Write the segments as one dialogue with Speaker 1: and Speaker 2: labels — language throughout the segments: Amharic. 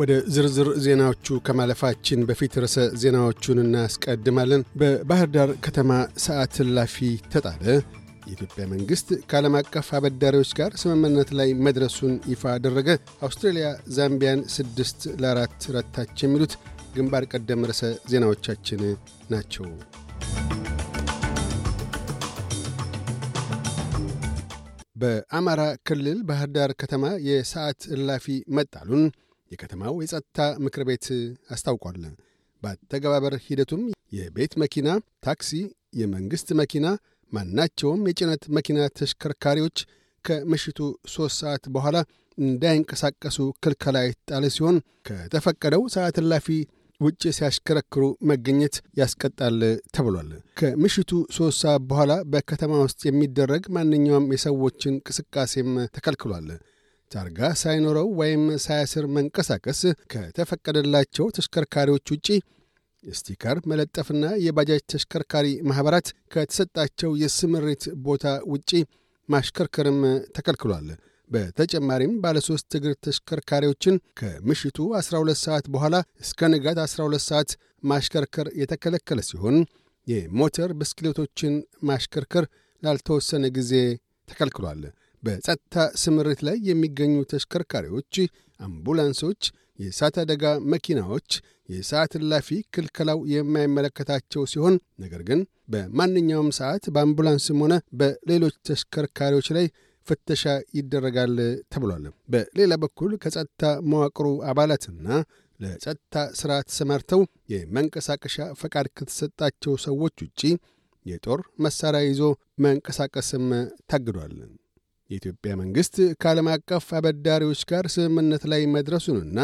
Speaker 1: ወደ ዝርዝር ዜናዎቹ ከማለፋችን በፊት ርዕሰ ዜናዎቹን እናስቀድማለን። በባህር ዳር ከተማ ሰዓት እላፊ ተጣለ። የኢትዮጵያ መንግሥት ከዓለም አቀፍ አበዳሪዎች ጋር ስምምነት ላይ መድረሱን ይፋ አደረገ። አውስትራሊያ ዛምቢያን ስድስት ለአራት ረታች። የሚሉት ግንባር ቀደም ርዕሰ ዜናዎቻችን ናቸው። በአማራ ክልል ባህር ዳር ከተማ የሰዓት እላፊ መጣሉን የከተማው የጸጥታ ምክር ቤት አስታውቋል። በአተገባበር ሂደቱም የቤት መኪና፣ ታክሲ፣ የመንግሥት መኪና፣ ማናቸውም የጭነት መኪና ተሽከርካሪዎች ከምሽቱ ሦስት ሰዓት በኋላ እንዳይንቀሳቀሱ ክልከላ የጣለ ሲሆን ከተፈቀደው ሰዓት እላፊ ውጭ ሲያሽከረክሩ መገኘት ያስቀጣል ተብሏል። ከምሽቱ ሶስት ሰዓት በኋላ በከተማ ውስጥ የሚደረግ ማንኛውም የሰዎች እንቅስቃሴም ተከልክሏል። ታርጋ ሳይኖረው ወይም ሳያስር መንቀሳቀስ ከተፈቀደላቸው ተሽከርካሪዎች ውጪ ስቲከር መለጠፍና የባጃጅ ተሽከርካሪ ማኅበራት ከተሰጣቸው የስምሪት ቦታ ውጪ ማሽከርከርም ተከልክሏል። በተጨማሪም ባለሦስት እግር ተሽከርካሪዎችን ከምሽቱ 12 ሰዓት በኋላ እስከ ንጋት 12 ሰዓት ማሽከርከር የተከለከለ ሲሆን የሞተር ብስክሌቶችን ማሽከርከር ላልተወሰነ ጊዜ ተከልክሏል። በጸጥታ ስምሪት ላይ የሚገኙ ተሽከርካሪዎች፣ አምቡላንሶች፣ የእሳት አደጋ መኪናዎች የሰዓት እላፊ ክልከላው የማይመለከታቸው ሲሆን ነገር ግን በማንኛውም ሰዓት በአምቡላንስም ሆነ በሌሎች ተሽከርካሪዎች ላይ ፍተሻ ይደረጋል ተብሏል። በሌላ በኩል ከጸጥታ መዋቅሩ አባላትና ለጸጥታ ሥራ ተሰማርተው የመንቀሳቀሻ ፈቃድ ከተሰጣቸው ሰዎች ውጪ የጦር መሣሪያ ይዞ መንቀሳቀስም ታግዷል። የኢትዮጵያ መንግሥት ከዓለም አቀፍ አበዳሪዎች ጋር ስምምነት ላይ መድረሱንና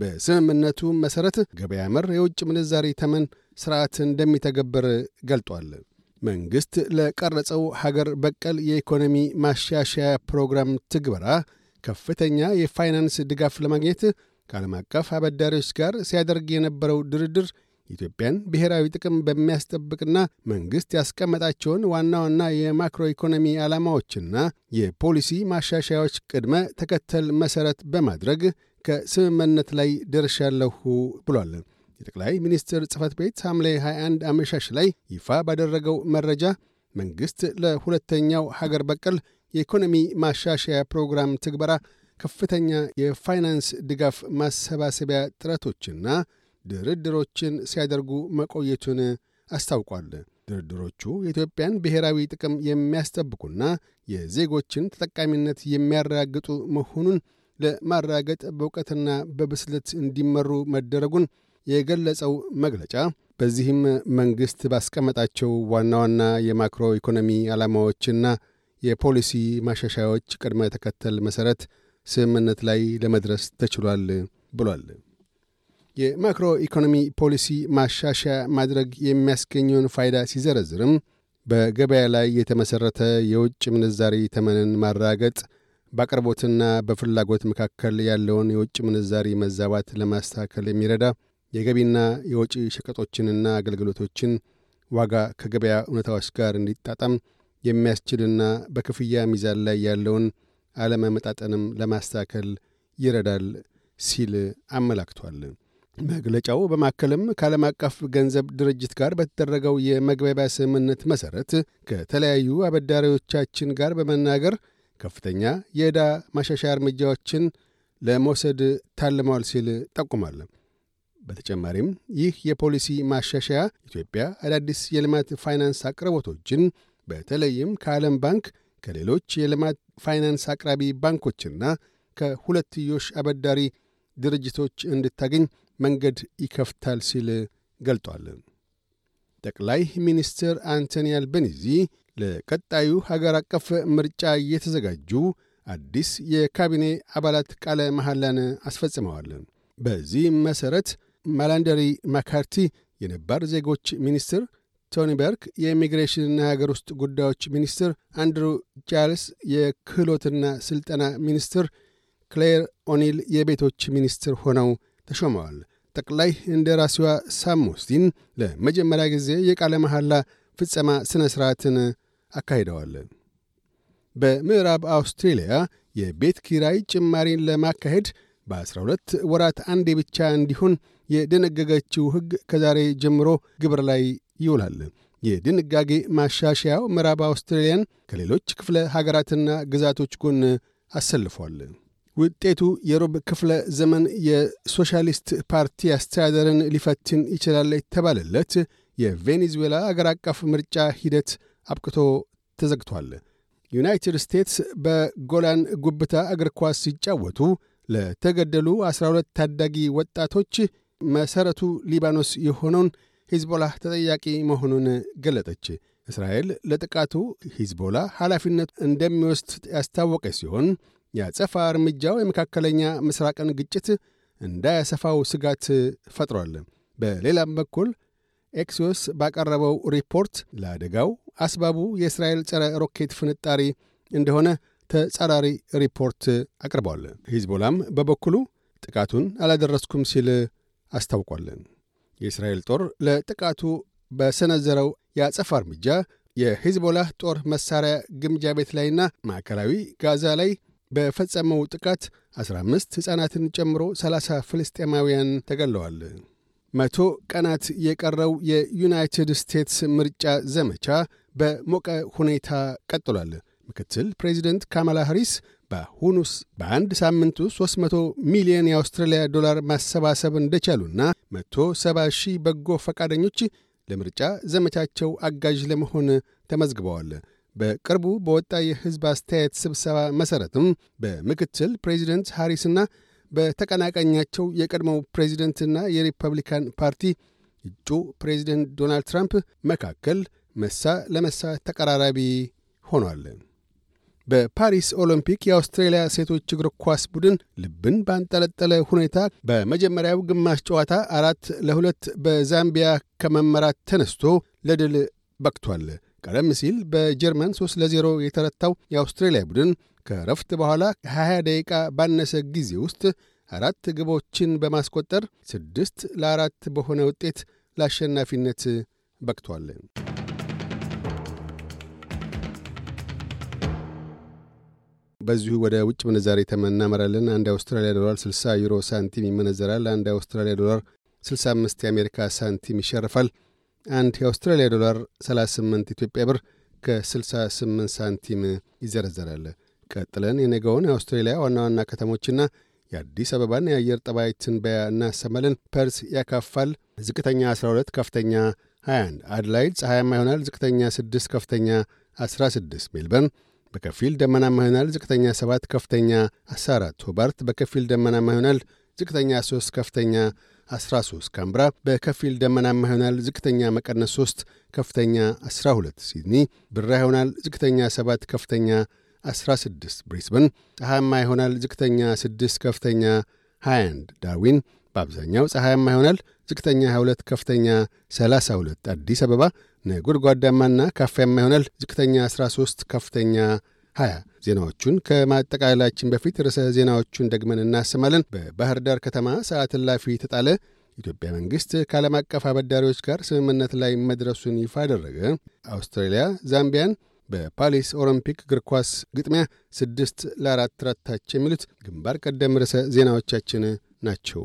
Speaker 1: በስምምነቱ መሠረት ገበያ መር የውጭ ምንዛሪ ተመን ሥርዓት እንደሚተገብር ገልጧል። መንግሥት ለቀረጸው ሀገር በቀል የኢኮኖሚ ማሻሻያ ፕሮግራም ትግበራ ከፍተኛ የፋይናንስ ድጋፍ ለማግኘት ከዓለም አቀፍ አበዳሪዎች ጋር ሲያደርግ የነበረው ድርድር ኢትዮጵያን ብሔራዊ ጥቅም በሚያስጠብቅና መንግሥት ያስቀመጣቸውን ዋና ዋና የማክሮ ኢኮኖሚ ዓላማዎችና የፖሊሲ ማሻሻያዎች ቅድመ ተከተል መሠረት በማድረግ ከስምምነት ላይ ደርሻለሁ ብሏል። የጠቅላይ ሚኒስትር ጽፈት ቤት ሐምሌ 21 አመሻሽ ላይ ይፋ ባደረገው መረጃ መንግሥት ለሁለተኛው ሀገር በቀል የኢኮኖሚ ማሻሻያ ፕሮግራም ትግበራ ከፍተኛ የፋይናንስ ድጋፍ ማሰባሰቢያ ጥረቶችና ድርድሮችን ሲያደርጉ መቆየቱን አስታውቋል። ድርድሮቹ የኢትዮጵያን ብሔራዊ ጥቅም የሚያስጠብቁና የዜጎችን ተጠቃሚነት የሚያረጋግጡ መሆኑን ለማረጋገጥ በእውቀትና በብስለት እንዲመሩ መደረጉን የገለጸው መግለጫ በዚህም መንግሥት ባስቀመጣቸው ዋና ዋና የማክሮ ኢኮኖሚ ዓላማዎችና የፖሊሲ ማሻሻያዎች ቅድመ ተከተል መሠረት ስምምነት ላይ ለመድረስ ተችሏል ብሏል። የማክሮ ኢኮኖሚ ፖሊሲ ማሻሻያ ማድረግ የሚያስገኘውን ፋይዳ ሲዘረዝርም በገበያ ላይ የተመሠረተ የውጭ ምንዛሪ ተመንን ማራገጥ፣ በአቅርቦትና በፍላጎት መካከል ያለውን የውጭ ምንዛሪ መዛባት ለማስተካከል የሚረዳ የገቢና የወጪ ሸቀጦችንና አገልግሎቶችን ዋጋ ከገበያ እውነታዎች ጋር እንዲጣጣም የሚያስችልና በክፍያ ሚዛን ላይ ያለውን አለመመጣጠንም ለማስተካከል ይረዳል ሲል አመላክቷል። መግለጫው በማከልም ከዓለም አቀፍ ገንዘብ ድርጅት ጋር በተደረገው የመግባቢያ ስምምነት መሠረት ከተለያዩ አበዳሪዎቻችን ጋር በመናገር ከፍተኛ የዕዳ ማሻሻያ እርምጃዎችን ለመውሰድ ታልመዋል ሲል ጠቁሟል። በተጨማሪም ይህ የፖሊሲ ማሻሻያ ኢትዮጵያ አዳዲስ የልማት ፋይናንስ አቅርቦቶችን በተለይም ከዓለም ባንክ፣ ከሌሎች የልማት ፋይናንስ አቅራቢ ባንኮችና ከሁለትዮሽ አበዳሪ ድርጅቶች እንድታገኝ መንገድ ይከፍታል ሲል ገልጧል። ጠቅላይ ሚኒስትር አንቶኒ አልቤኒዚ ለቀጣዩ ሀገር አቀፍ ምርጫ እየተዘጋጁ አዲስ የካቢኔ አባላት ቃለ መሐላን አስፈጽመዋል። በዚህ መሠረት ማላንደሪ ማካርቲ የነባር ዜጎች ሚኒስትር፣ ቶኒ በርክ የኢሚግሬሽንና የሀገር ውስጥ ጉዳዮች ሚኒስትር፣ አንድሩ ቻርልስ የክህሎትና ሥልጠና ሚኒስትር ክሌር ኦኒል የቤቶች ሚኒስትር ሆነው ተሾመዋል። ጠቅላይ እንደራሴዋ ሳም ሳሙስቲን ለመጀመሪያ ጊዜ የቃለ መሐላ ፍጸማ ሥነ ሥርዓትን አካሂደዋል። በምዕራብ አውስትሬልያ የቤት ኪራይ ጭማሪን ለማካሄድ በ12 ወራት አንዴ ብቻ እንዲሆን የደነገገችው ሕግ ከዛሬ ጀምሮ ግብር ላይ ይውላል። የድንጋጌ ማሻሻያው ምዕራብ አውስትሬልያን ከሌሎች ክፍለ ሀገራትና ግዛቶች ጎን አሰልፏል። ውጤቱ የሮብ ክፍለ ዘመን የሶሻሊስት ፓርቲ አስተዳደርን ሊፈትን ይችላል የተባለለት የቬኔዙዌላ አገር አቀፍ ምርጫ ሂደት አብቅቶ ተዘግቷል። ዩናይትድ ስቴትስ በጎላን ጉብታ እግር ኳስ ሲጫወቱ ለተገደሉ 12 ታዳጊ ወጣቶች መሠረቱ ሊባኖስ የሆነውን ሂዝቦላህ ተጠያቂ መሆኑን ገለጠች። እስራኤል ለጥቃቱ ሂዝቦላ ኃላፊነት እንደሚወስድ ያስታወቀ ሲሆን የአጸፋ እርምጃው የመካከለኛ ምስራቅን ግጭት እንዳያሰፋው ስጋት ፈጥሯል። በሌላም በኩል ኤክሲዮስ ባቀረበው ሪፖርት ለአደጋው አስባቡ የእስራኤል ጸረ ሮኬት ፍንጣሪ እንደሆነ ተጻራሪ ሪፖርት አቅርቧል። ሂዝቦላም በበኩሉ ጥቃቱን አላደረስኩም ሲል አስታውቋል። የእስራኤል ጦር ለጥቃቱ በሰነዘረው የአጸፋ እርምጃ የሂዝቦላህ ጦር መሣሪያ ግምጃ ቤት ላይና ማዕከላዊ ጋዛ ላይ በፈጸመው ጥቃት 15 ሕፃናትን ጨምሮ 30 ፍልስጤማውያን ተገለዋል። መቶ ቀናት የቀረው የዩናይትድ ስቴትስ ምርጫ ዘመቻ በሞቀ ሁኔታ ቀጥሏል። ምክትል ፕሬዚደንት ካማላ ሃሪስ በአሁኑ በአንድ ሳምንቱ 300 ሚሊዮን የአውስትራሊያ ዶላር ማሰባሰብ እንደቻሉና 170 ሺህ በጎ ፈቃደኞች ለምርጫ ዘመቻቸው አጋዥ ለመሆን ተመዝግበዋል። በቅርቡ በወጣ የሕዝብ አስተያየት ስብሰባ መሠረትም በምክትል ፕሬዚደንት ሃሪስና በተቀናቃኛቸው የቀድሞው ፕሬዚደንትና የሪፐብሊካን ፓርቲ እጩ ፕሬዚደንት ዶናልድ ትራምፕ መካከል መሳ ለመሳ ተቀራራቢ ሆኗል። በፓሪስ ኦሎምፒክ የአውስትሬልያ ሴቶች እግር ኳስ ቡድን ልብን ባንጠለጠለ ሁኔታ በመጀመሪያው ግማሽ ጨዋታ አራት ለሁለት በዛምቢያ ከመመራት ተነስቶ ለድል በቅቷል። ቀደም ሲል በጀርመን 3 ለ0 የተረታው የአውስትሬልያ ቡድን ከረፍት በኋላ 20 ደቂቃ ባነሰ ጊዜ ውስጥ አራት ግቦችን በማስቆጠር ስድስት ለአራት በሆነ ውጤት ለአሸናፊነት በቅቷል። በዚሁ ወደ ውጭ ምንዛሬ ተመናመራለን አንድ አውስትራሊያ ዶላር 60 ዩሮ ሳንቲም ይመነዘራል። አንድ አውስትራሊያ ዶላር 65 የአሜሪካ ሳንቲም ይሸርፋል። አንድ የአውስትራሊያ ዶላር 38 ኢትዮጵያ ብር ከ68 ሳንቲም ይዘረዘራል። ቀጥለን የነገውን የአውስትሬሊያ ዋና ዋና ከተሞችና የአዲስ አበባን የአየር ጠባይ ትንበያ እናሰማለን። ፐርስ ያካፋል። ዝቅተኛ 12፣ ከፍተኛ 21። አድላይድ ፀሐያማ ይሆናል። ዝቅተኛ 6፣ ከፍተኛ 16። ሜልበርን በከፊል ደመናማ ይሆናል። ዝቅተኛ 7 ከፍተኛ 14። ሆባርት በከፊል ደመናማ ይሆናል። ዝቅተኛ 3 ከፍተኛ 13። ካምብራ በከፊል ደመናማ ይሆናል። ዝቅተኛ መቀነስ 3 ከፍተኛ 12። ሲድኒ ብራ ይሆናል። ዝቅተኛ 7 ከፍተኛ 16። ብሪስበን ፀሐያማ ይሆናል። ዝቅተኛ 6 ከፍተኛ 21። ዳርዊን በአብዛኛው ፀሐያማ ይሆናል። ዝቅተኛ 22፣ ከፍተኛ 32። አዲስ አበባ ነጎድጓዳማና ካፋያማ ይሆናል። ዝቅተኛ 13፣ ከፍተኛ 20። ዜናዎቹን ከማጠቃለላችን በፊት ርዕሰ ዜናዎቹን ደግመን እናሰማለን። በባህር ዳር ከተማ ሰዓት እላፊ ተጣለ። ኢትዮጵያ መንግሥት ከዓለም አቀፍ አበዳሪዎች ጋር ስምምነት ላይ መድረሱን ይፋ አደረገ። አውስትራሊያ ዛምቢያን በፓሪስ ኦሎምፒክ እግር ኳስ ግጥሚያ ስድስት ለአራት ረታች። የሚሉት ግንባር ቀደም ርዕሰ ዜናዎቻችን ናቸው።